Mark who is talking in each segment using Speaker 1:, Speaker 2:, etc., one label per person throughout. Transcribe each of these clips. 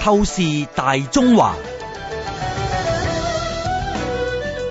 Speaker 1: 透視大中華。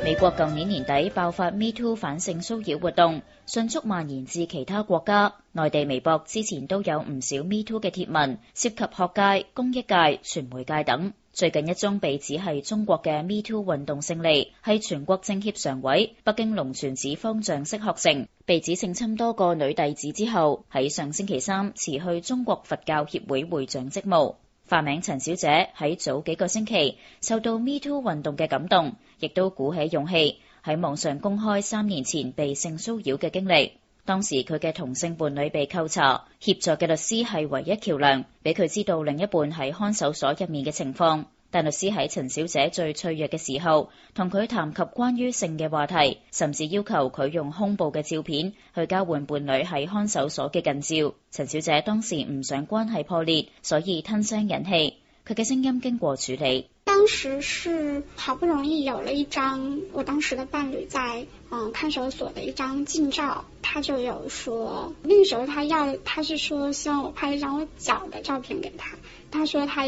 Speaker 2: 美國舊年底爆發 Me Too 反性騷擾活動，迅速蔓延至其他國家。內地微博之前都有唔少 Me Too 嘅貼文，涉及學界、公益界、傳媒界等。最近一宗被指係中國嘅 Me Too 運動勝利，係全國政協常委、北京龍泉寺方丈釋學誠被指性侵多個女弟子之後，喺上星期三辭去中國佛教協會會長職務。化名陳小姐喺早幾個星期受到 Me Too 運動嘅感動，亦都鼓起勇氣喺網上公開三年前被性騷擾嘅經歷。當時佢嘅同性伴侶被扣查，協助嘅律師係唯一橋梁，俾佢知道另一半喺看守所入面嘅情況。但律師喺陳小姐最脆弱嘅時候，同佢談及關於性嘅話題，甚至要求佢用胸部嘅照片去交換伴侶喺看守所嘅近照。陳小姐當時唔想關係破裂，所以吞聲忍氣。佢嘅聲音經過處理。
Speaker 3: 當時是好不容易有了一張我當時的伴侶在嗯，看守所的一張近照，他就有說，那時候他要，他是說希望我拍一張我腳的照片給他，他說他。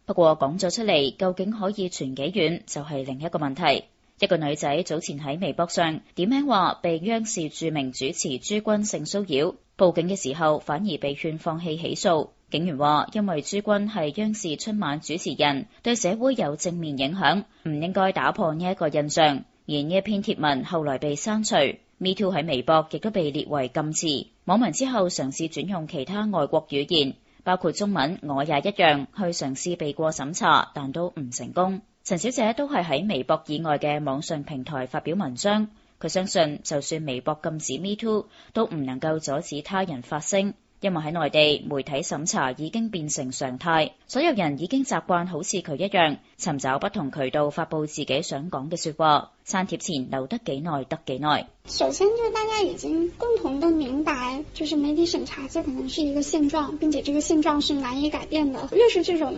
Speaker 2: 不過講咗出嚟，究竟可以傳幾遠就係另一個問題。一個女仔早前喺微博上點名話被央視著名主持朱軍性騷擾，報警嘅時候反而被勸放棄起訴。警員話，因為朱軍係央視春晚主持人，對社會有正面影響，唔應該打破呢一個印象。而呢一篇貼文後來被刪除，Me too 喺微博亦都被列為禁詞。網民之後嘗試轉用其他外國語言。包括中文，我也一樣去嘗試避過審查，但都唔成功。陳小姐都係喺微博以外嘅網上平台發表文章，佢相信就算微博禁止 Me Too，都唔能夠阻止他人發聲。因為喺內地，媒體審查已經變成常態，所有人已經習慣好似佢一樣，尋找不同渠道發布自己想講嘅說話。刪帖前留得幾耐得幾耐。
Speaker 3: 首先就大家已經共同都明白，就是媒體審查，這可能是一個現狀，並且這個現狀是難以改變的。越是這種。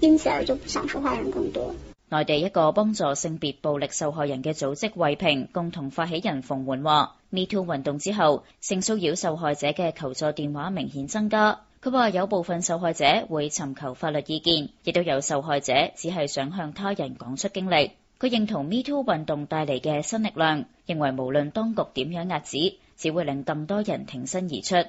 Speaker 3: 因此而
Speaker 2: 就不想受害人更多。內地一個幫助性別暴力受害人嘅組織惠平共同發起人馮媛話，Me Too 運動之後，性騷擾受害者嘅求助電話明顯增加。佢話有部分受害者會尋求法律意見，亦都有受害者只係想向他人講出經歷。佢認同 Me Too 運動帶嚟嘅新力量，認為無論當局點樣壓止，只會令咁多人挺身而出。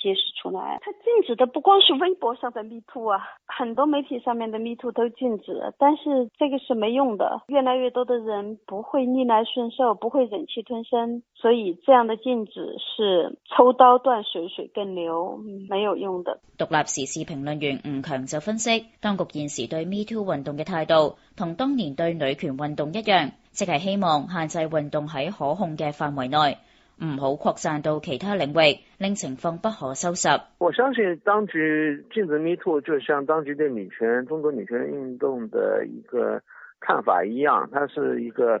Speaker 1: 揭示出來，他禁止的不光是微博上的 Me Too 啊，很多媒體上面的 Me Too 都禁止，但是這個是沒用的。越來越多的人不會逆來順受，不會忍氣吞聲，所以這樣的禁止是抽刀斷水，水更流，沒有用的。
Speaker 2: 獨立時事評論員吳強就分析，當局現時對 Me Too 運動嘅態度，同當年對女權運動一樣，即係希望限制運動喺可控嘅範圍內。唔好擴散到其他領域，令情況不可收拾。
Speaker 1: 我相信當局禁止 Me Too 就像當局對女權、中國女權運動的一個看法一樣，它是一個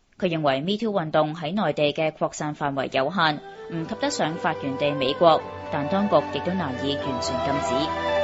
Speaker 2: 佢認為 Me Too 運動喺內地嘅擴散範圍有限，唔及得上發源地美國，但當局亦都難以完全禁止。